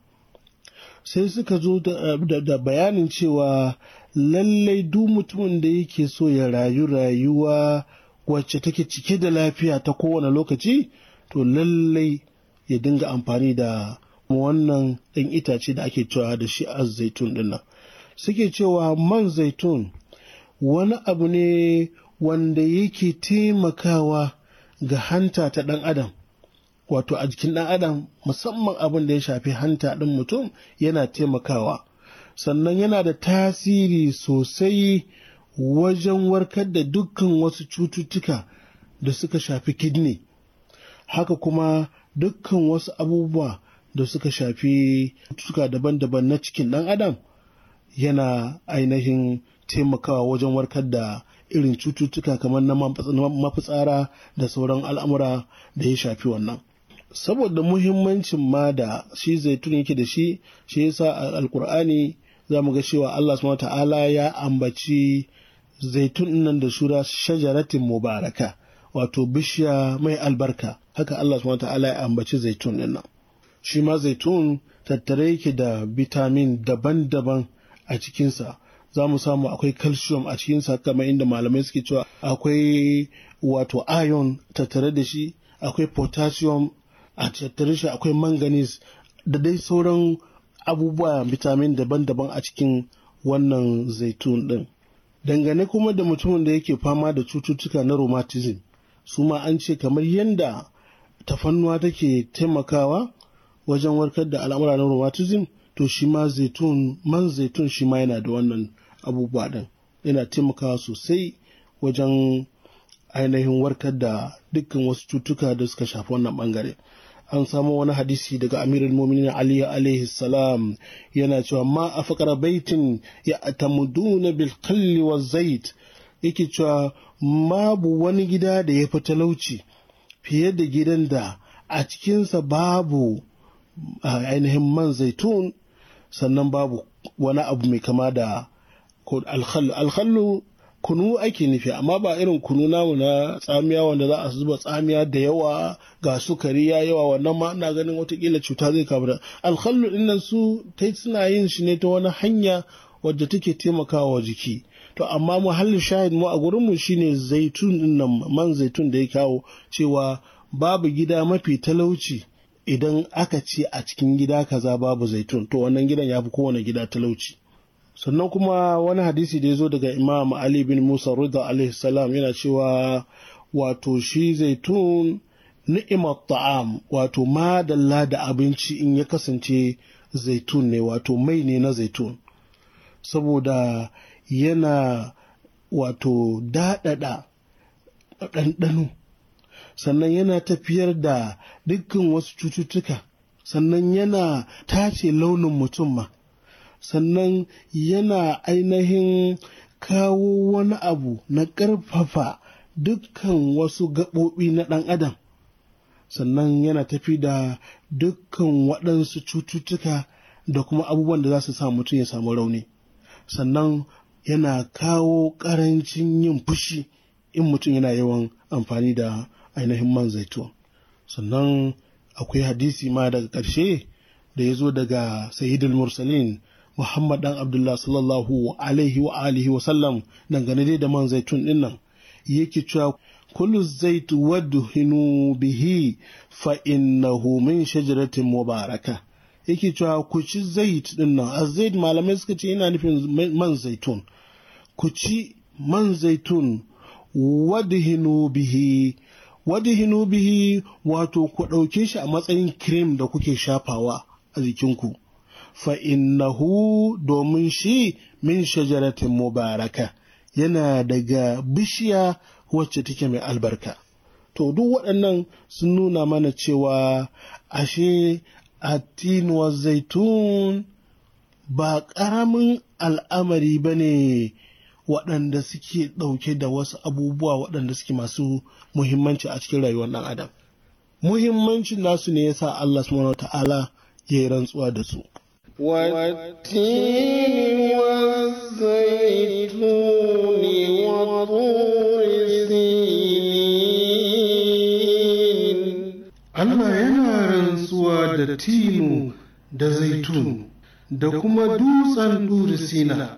sai suka zo da bayanin cewa lallai duk mutumin da yake so ya rayu rayuwa wacce take cike da lafiya ta kowane lokaci to lallai ya dinga amfani da wannan ɗan itace da ake cewa da shi a zaitun din nan suke cewa man zaitun wani abu ne wanda yake taimakawa ga hanta ta ɗan adam wato a jikin ɗan adam musamman abin da ya shafi hanta ɗin mutum yana taimakawa sannan yana da tasiri sosai wajen warkar da dukkan wasu cututtuka da suka shafi kidney haka kuma dukkan wasu abubuwa da suka shafi cututtuka daban-daban na cikin ɗan adam yana ainihin taimakawa wajen warkar da irin cututtuka kamar na mafitsara da sauran al'amura da ya shafi wannan saboda muhimmancin ma da shi zaitun yake da shi shi yasa alkur'ani za mu ga cewa Allah subhanahu ta'ala ya ambaci zaitun nan da shura shajaratin mubaraka wato bishiya mai albarka haka Allah subhanahu ta'ala ya ambaci zaitun nan shi ma zaitun tattare yake da bitamin daban-daban a cikinsa za mu samu akwai calcium a sa kamar inda malamai suke cewa akwai wato iron tattare da shi akwai potassium a tattare shi akwai manganese da dai sauran abubuwa vitamin daban-daban a cikin wannan zaitun ɗin. Dangane kuma da mutumin da yake fama da cututtuka na rheumatism, su ma an ce kamar yadda tafannuwa take taimakawa wajen warkar da al'amura na rheumatism, to shi ma zaitun man zaitun shi ma yana da wannan abubuwa ɗin yana taimakawa sosai wajen ainihin warkar da dukkan wasu cutuka da suka shafi wannan bangare an samu wani hadisi daga amirul muminin ali alaihi salam yana cewa ma a fakara baitin ya atamuduna bil kalli wa zait yake cewa babu wani gida da ya fi talauci fiye da gidan da a cikinsa babu ainihin man zaitun sannan babu wani abu mai kama da alkhallu alkhallu kunu ake nufi amma ba irin kunu namu na tsamiya wanda za a zuba tsamiya da yawa ga sukari ya yawa wannan ma ina ganin watakila cuta zai kamu da alkhallu dinnan su ta suna yin shi ne ta wani hanya wadda take taimakawa jiki to amma muhallin shahid mu a gurin mu shine zaitun dinnan man zaitun da ya kawo cewa babu gida mafi talauci idan aka ce a cikin gida kaza babu zaitun to wannan gidan ya fi kowane gida talauci sannan kuma wani hadisi da ya zo daga imam ali bin musa rida alaihi salam yana cewa wato shi zaitun ni'imar ta'am wato madalla da abinci in ya kasance zaitun ne wato mai ne na zaitun saboda yana wato daɗaɗa ɗanɗano sannan yana tafiyar da dukkan wasu cututtuka sannan yana tace launin mutum ma sannan yana ainihin kawo wani abu na ƙarfafa dukkan wasu gaɓoɓi na ɗan adam sannan yana tafi da dukkan waɗansu cututtuka da kuma abubuwan da za su sa mutum ya samu rauni sannan yana kawo ƙarancin yin fushi in mutum yana yawan amfani da ainihin man zaitun sannan akwai hadisi ma daga ƙarshe da ya zo daga sayyidul mursalin Muhammad dan Abdullah sallallahu alaihi wa alihi wa sallam dangane da man zaitun din nan yake cewa kullu zait wadhinu bihi fa innahu min shajaratin mubaraka yake cewa ku ci zait din nan azzait malamai suka ce yana nufin man zaitun ku ci man zaitun wadhinu bihi wadhinu bihi wato ku ɗauke shi a matsayin cream da kuke shafawa a jikinku fa domin shi min shajaratin mubaraka yana daga bishiya wacce take mai albarka to duk waɗannan sun nuna mana cewa ashe attin zaitun ba ƙaramin al'amari ba ne waɗanda suke ɗauke da wasu abubuwa waɗanda suke masu muhimmanci a cikin rayuwar ɗan adam muhimmancin nasu ne yasa Allah subhanahu ta'ala ya yi rantsuwa da su والتين والزيتون وطور سينين الله yana rantsuwa da tinu da zaitun da kuma dutsen duri sina.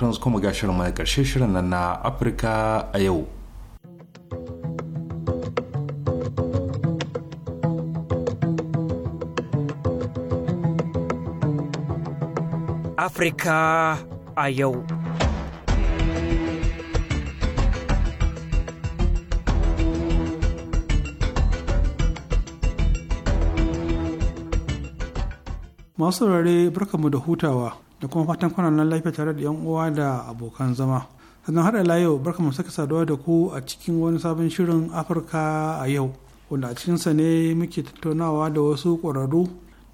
tun kuma ga shirin mai karshe shirin nan na afirka a yau Afirka a yau. Masu rare barkamu da hutawa da kuma fatan kwanan nan lafiya tare da 'yan uwa da abokan zama sannan har ila yau barka mu saka saduwa da ku a cikin wani sabon shirin afirka a yau wanda a cikin sa ne muke tattaunawa da wasu ƙwararru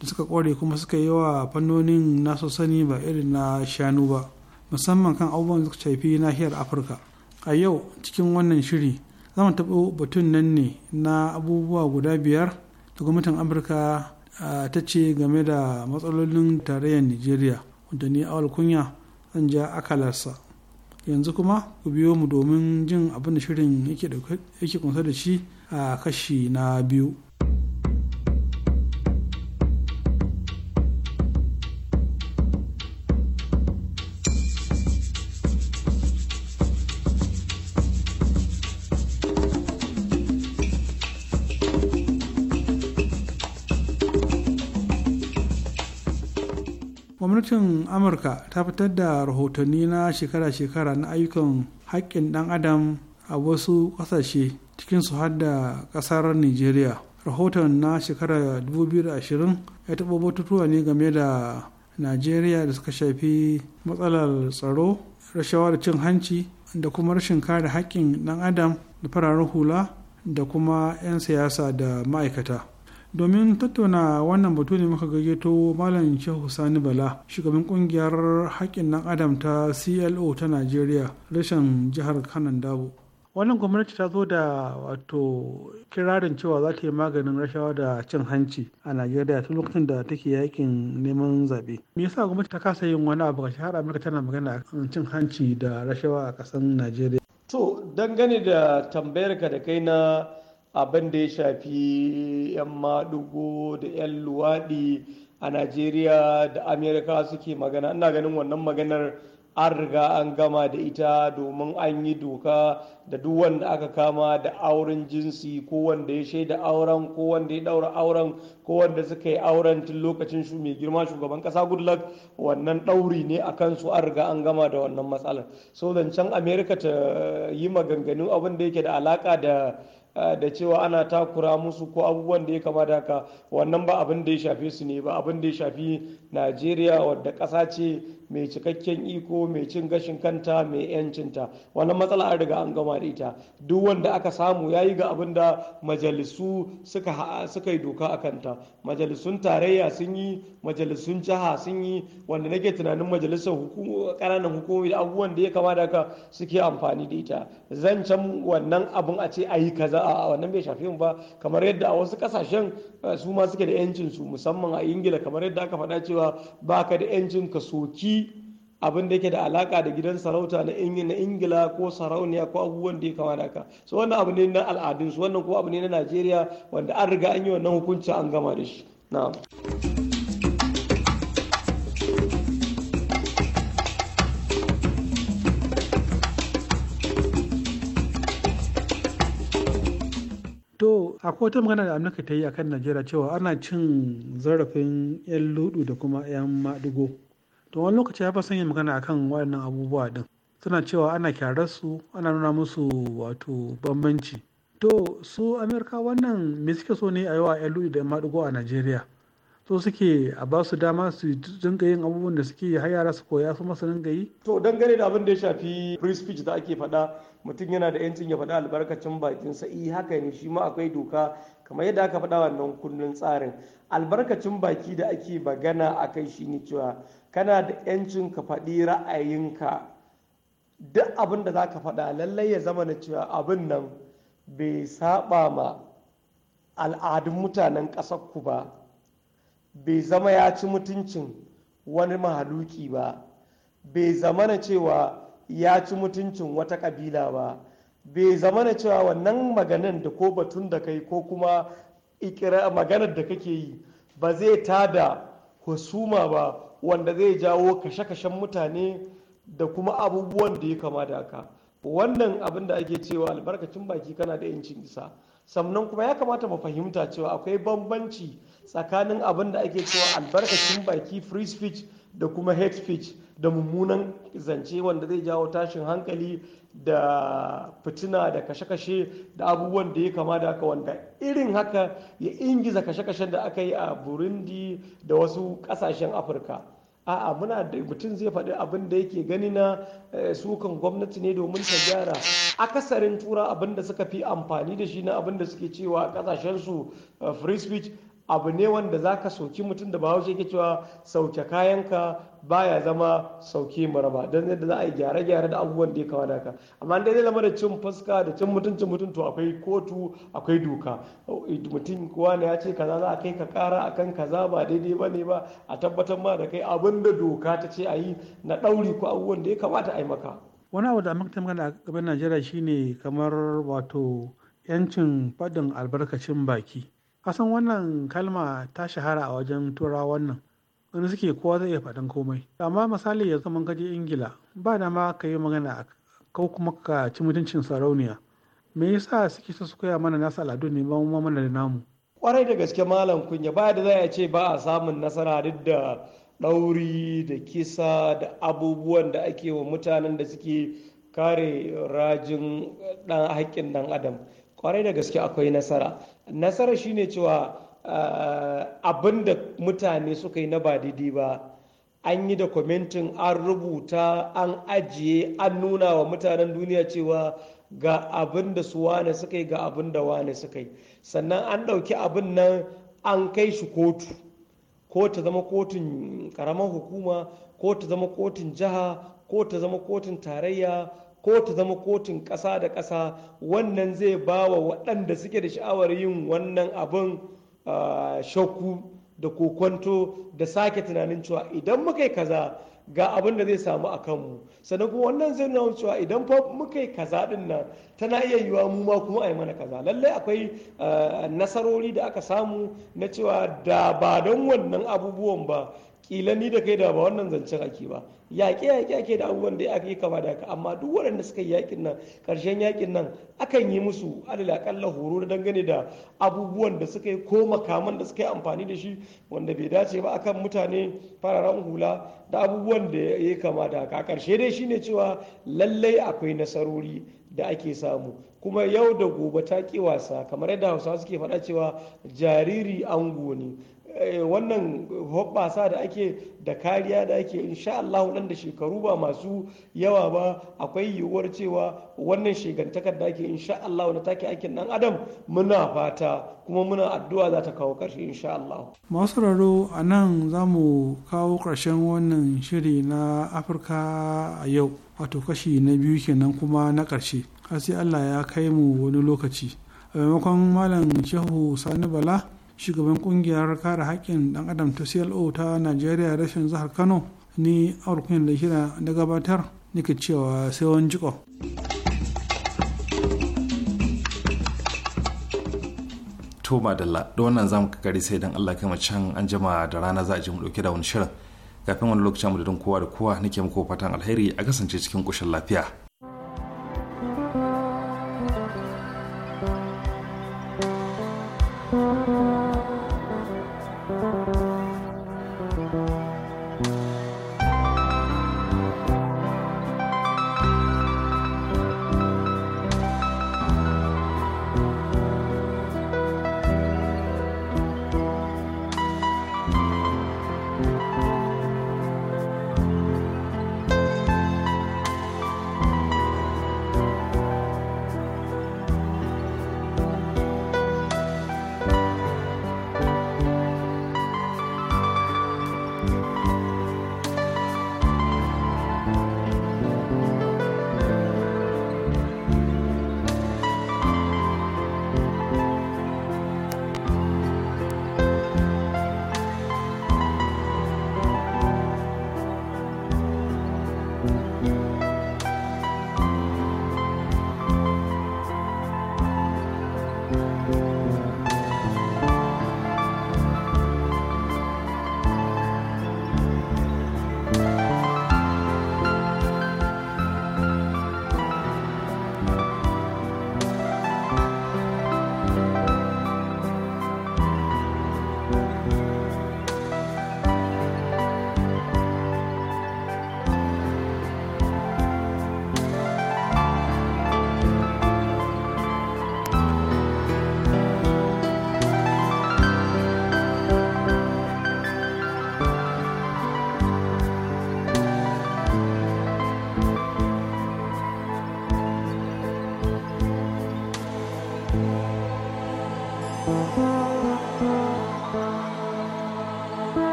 da suka ƙware kuma suka yi wa fannonin nasu sani ba irin na shanu ba musamman kan abubuwan da suka shafi nahiyar afirka a yau cikin wannan shiri zamu taɓo batun nan ne na abubuwa guda biyar da gwamnatin amurka ta ce game da matsalolin tarayyar nigeria da ni awal kunya an ja akalarsa yanzu kuma ku biyo mu domin jin abin da shirin yake kunsa da shi a kashi na biyu gwamnatin amurka ta fitar da rahotanni na shekara-shekara na ayyukan haƙƙin ɗan adam a wasu ƙasashe su har da ƙasar nigeria rahoton na shekara 2020 ya taɓa batutuwa ne game da nigeria da suka shafi matsalar tsaro rashawa da cin hanci da kuma rashin kare haƙƙin ɗan adam da fararen hula da kuma 'yan siyasa da ma'aikata domin tattauna wannan batu ne muka gayyato malam shehu sani bala shugaban kungiyar haƙƙin ɗan adam ta clo ta najeriya rashin jihar kanan dabo wannan gwamnati ta zo da wato kirarin cewa za ta yi maganin rashawa da cin hanci a najeriya tun lokacin da take yakin neman zaɓe me yasa gwamnati ta kasa yin wani abu ga har amurka tana magana a cin hanci da rashawa a ƙasar najeriya to dangane da tambayarka da kai na abin da ya shafi 'yan maɗugo da 'yan luwaɗi a najeriya da amerika suke magana ina ganin wannan maganar an riga an gama da ita domin an yi doka da duk wanda aka kama da auren jinsi ko wanda ya shaida auren ko wanda ya daura auren ko wanda suka yi auren tun lokacin shu mai girma shugaban kasa goodluck wannan ɗauri ne a kansu an riga an gama da wannan matsalar so zancen Amerika ta yi maganganun abin da yake da alaka da Eh, da cewa ana takura musu ko abubuwan da ya kamata haka wannan ba abin da ya shafe su ne ba abin da ya shafi najeriya wadda ƙasa ce mai cikakken iko mai cin gashin kanta mai yancinta wannan matsala an riga an gama da ita duk wanda aka samu yayi ga abin da majalisu suka yi doka a kanta majalisun tarayya sun yi majalisun jiha sun yi wanda nake tunanin majalisar ƙananan hukumomi da abubuwan da ya kama da haka suke amfani da ita Zan can wannan abun a ce a yi kaza a wannan bai shafi mu ba kamar yadda a wasu kasashen eh, su ma suke da yancin su musamman a ingila kamar yadda aka faɗa cewa baka da yancin ka soki abin da yake da alaka da gidan sarauta na ingila ko sarauniya ko abubuwan da ya kama da ka so wannan abu ne na al'adunsu wannan ko abu ne na najeriya wanda an riga an yi wannan hukunci an gama da shi na'am to akwai magana da amurka ta yi a kan najeriya cewa ana cin zarafin 'yan ludu da kuma 'yan maɗigo to wani lokaci ya son yin magana akan waɗannan abubuwa din suna cewa ana kyarar su ana nuna musu wato bambanci to su amerika wannan me suke so ne a yi yawa lu e da maɗigo a najeriya so suke a ba su dama su dinga yin abubuwan da suke har yara su koya su masu dinga yi to dangane da abin da ya shafi free speech da ake faɗa mutum yana da yancin ya faɗa albarkacin bakin sa eh, haka ne shi ma akwai doka kamar yadda aka faɗa wannan kundin tsarin albarkacin baki da ake magana a kai shi ne cewa kana da 'yancin ka faɗi ra'ayinka duk abin da za ka faɗa lallai ya zama na cewa abin nan bai saba ma al'adun mutanen ku ba bai zama ya ci mutuncin wani mahaluki ba bai zama na cewa ya ci mutuncin wata ƙabila ba bai zama na cewa wannan maganan da ko batun da kai ko kuma maganar da kake yi ba zai tada husuma ba wanda zai jawo kashe-kashen mutane da kuma abubuwan da ya kama da wannan abin da ake cewa albarkacin baki kana da yancin isa sannan kuma ya kamata mu fahimta cewa akwai bambanci tsakanin abin da ake cewa albarkacin baki free speech da kuma hate speech da mummunan zance wanda zai jawo tashin hankali da fitina da kashe-kashe da abubuwan da ya kama da haka wanda irin haka ya ingiza kashe-kashen da aka yi a burundi da wasu kasashen afirka a'a muna da mutum zai faɗi abin da yake gani na eh, sukan gwamnati ne domin ta gyara akasarin tura abin da suka fi amfani da shi na abin da suke cewa kasashen su eh, free speech abu ne wanda za ka soki mutum da bahaushe ke cewa sauke kayanka baya zama sauki maraba don yadda za a yi gyare-gyare da abubuwan da ya kawo daga amma da zai zama da cin fuska da cin mutuncin mutum to akwai kotu akwai doka mutum kowa ne ya ce kaza za a kai ka kara kan kaza ba daidai ba ne ba a tabbatar ma da kai abin da doka ta ce a yi na ɗauri ko abubuwan da ya kamata a yi maka wani abu da a makta magana a gaban najeriya shine kamar wato yancin faɗin albarkacin baki kasan wannan kalma ta shahara a wajen turawa wannan. wani suke kowa zai iya faɗin komai amma misali yanzu mun kaje ingila ba da ma ka yi magana ko kuma ka ci mutuncin sarauniya me yasa suke so su koya mana nasu al'adu ne ba mu mana da namu kwarai da gaske malam kunya ba da za a ce ba a samun nasara duk da ɗauri da kisa da abubuwan da ake wa mutanen da suke kare rajin ɗan haƙƙin ɗan adam kwarai da gaske akwai nasara nasara shine cewa Eh, abin da mutane suka yi na ba daidai ba an yi da kwamentin an rubuta an ajiye an nuna wa mutanen duniya cewa ga abin da su wane suka yi ga abin da wane suka yi sannan an ɗauki abin nan an kai shi kotu ko ta zama kotun karamar hukuma ko ta zama kotun jiha ko ta zama kotun tarayya ko ta zama kotun ƙasa da ƙasa wannan zai ba wa waɗanda suke da sha'awar yin wannan abin Ah, shakku da kokwanto da sake tunanin cewa idan muka yi kaza ga abin da zai samu a kanmu sannan kuma wannan zai nuna cewa idan fa muka yi kaza din nan tana iya yiwa mu ma kuma a yi mana kaza lallai akwai ah, nasarori da aka samu na cewa da ba don wannan abubuwan ba kila ni da kai da ba wannan zancen ake ba yaƙe yaƙe ake da abubuwan da aka yi kama da ka amma duk waɗanda suka yi yaƙin nan ƙarshen yaƙin nan akan yi musu alal horo da dangane da abubuwan da suka yi ko makaman da suka yi amfani da shi wanda bai dace ba akan mutane fararen hula da abubuwan da ya kama da ka ƙarshe dai shine cewa lallai akwai nasarori da ake samu kuma yau da gobe ta ƙi wasa kamar yadda hausawa suke faɗa cewa jariri ango ne Eh, wannan hoɓɓasa da ake da kariya da ake insha Allah nan da shekaru ba masu yawa ba akwai yiwuwar cewa wannan shegantakar da ake insha Allah na take aikin dan adam muna fata kuma muna addu'a za ta kawo ƙarshe insha Allah masu raro a nan za mu kawo ƙarshen wannan shiri na Afirka a yau wato kashi na biyu kenan kuma na ƙarshe har sai Allah ya kai mu wani lokaci a maimakon malam Shehu Sani Bala shugaban kungiyar kare hakkin ɗan adam ta clo ta nigeria rashin zahar kano ni rukunin da shida na gabatar nake cewa sai wani jiko to madalla da wannan zamu kakari sai dan Allah kai can an jima da rana za a ji mu dauke da wani shirin kafin wani lokacin mu da kowa da kowa nake muku fatan alheri a kasance cikin kushin lafiya